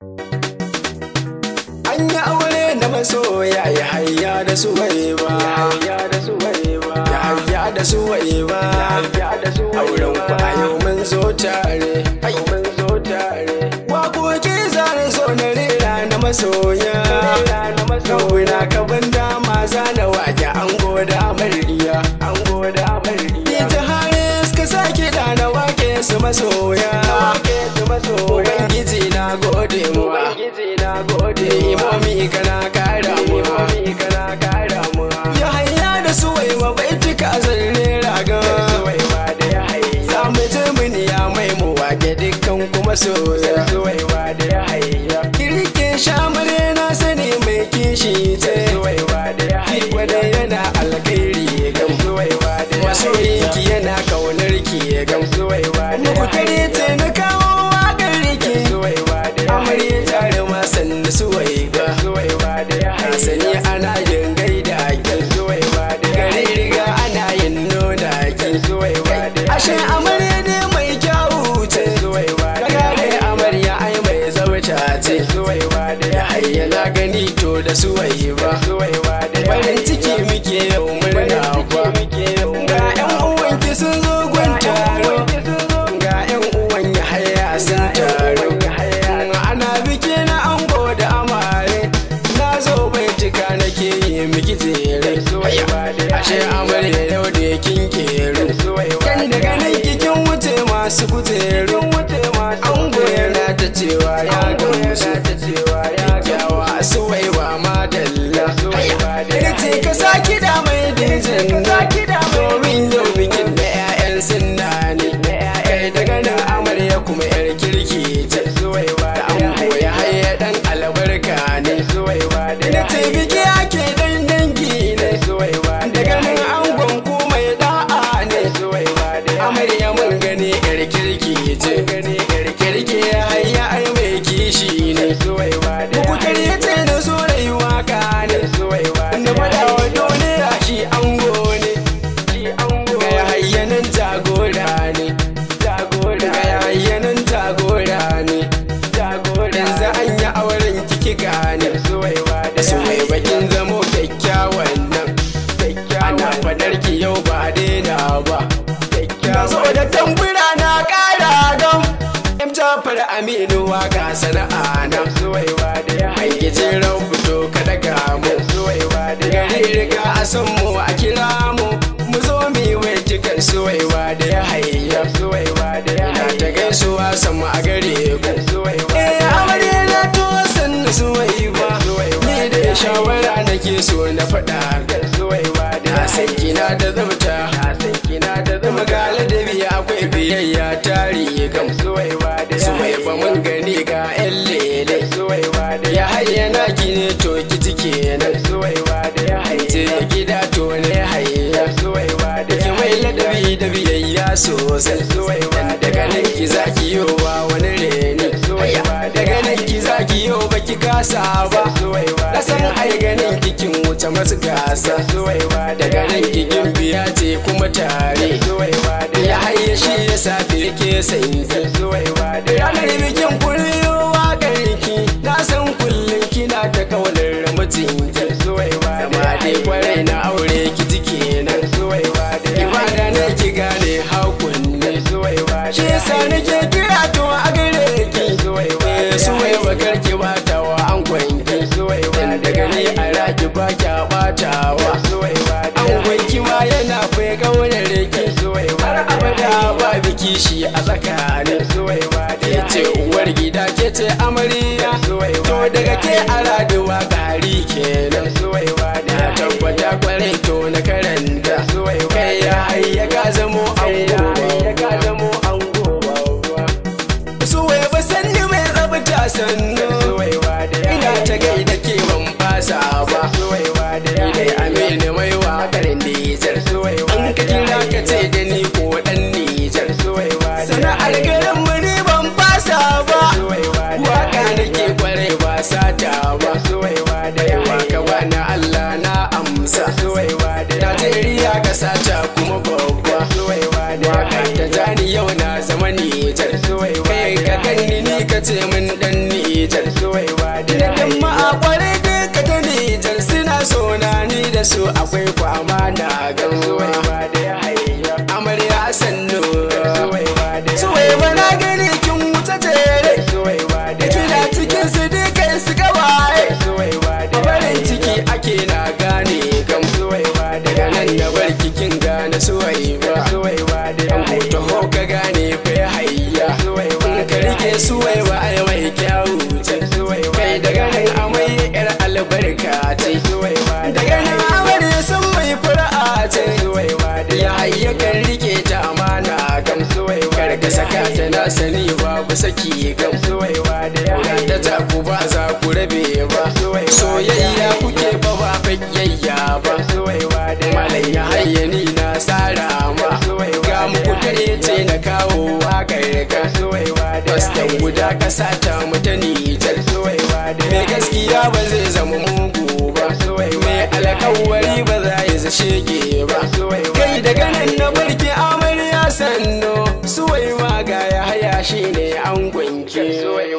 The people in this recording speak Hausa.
An yi aure da masoya ya hayya da su ba. Ya hayya da su ba. Auren ku a yau mun zo tare. Waƙoƙi zare zo na rera na masoya. Kawuna na kaban dama zana wake an goda amarya. An goda amarya. Ita haris ka sake da na wake su masoya. kana kara mu da su wai ma baiti ka za mu je mai mu wage dukkan kuma soya kirkin shamare na sani mai kishi ce da yana alkairi ya gam masoyinki yana kaunar ki ya gam da suwaye ba farin ciki muke yau murna ba ga yan uwan ki sun zo gun taro ga yan uwan ya haya sun taro ana biki na ango da amare na zo bai cika nake yi miki tsere ashe amarya yau da kin kero kan daga nan kikin wuce masu kutero ango yana ta cewa ya musu. yar kirki ta inuwa ga sana'a na hangi jiran fito ka daga mu gari riga a san mu a kira mu mu zo mi yi wajikan suwaiwa da ya hayya na ta gaisuwa samu a gare ku eh amarya na to san suwaiwa ni da shawara nake so na faɗa na san kina da zabta na san kina da zama ga ladabi akwai biyayya tari gamsuwaiwa so sosai daga nan ki za ki yi ba wani reni daga nan ki za ki yi ba ki kasa ba na san ai ganin kikin wuce masu gasa daga nan kikin biya ce kuma tare ya haye shi ya safe yake sai ranar bikin kuriyowa garinki na san kullum kina ta kawalar mutum ce sani ke kira to a gare ki eh, suwai bakar ki wa an kwanki dan daga ni a raki ba ki wa. an kwanki ma yana fai kaunar ki har abada ba biki shi a tsakani ke ce uwar gida ke ce amarya to daga ke a raduwa gari kenan saba ni dai aminu maiwa garin nijar an ka kira ka ce da ni ko dan nijar sana'ar garin mu ne ban fasa ba waka nake kwarai ba sata ba baiwa waka, bani allah na amsa najeriya ka sata kuma babba waka ta jani yau na zama nijar kai ka ganni ni ka ce min dan nijar so akwai kwamana gamsuwa da saka ta na sani babu saki ga ga ta ku ba za ku rabe ba soyayya kuke ba ba fakiyayya ba malai ya hayyani na tsara ma ga mu ku ce na kawo wakar bas pastan guda kasa ta mutane nijar me gaskiya ba zai zama mugu ba me alkawari ba za ya zashe ba kai daga nan na barke amarya sannu suwai ga ya haya shi ne an gwanke.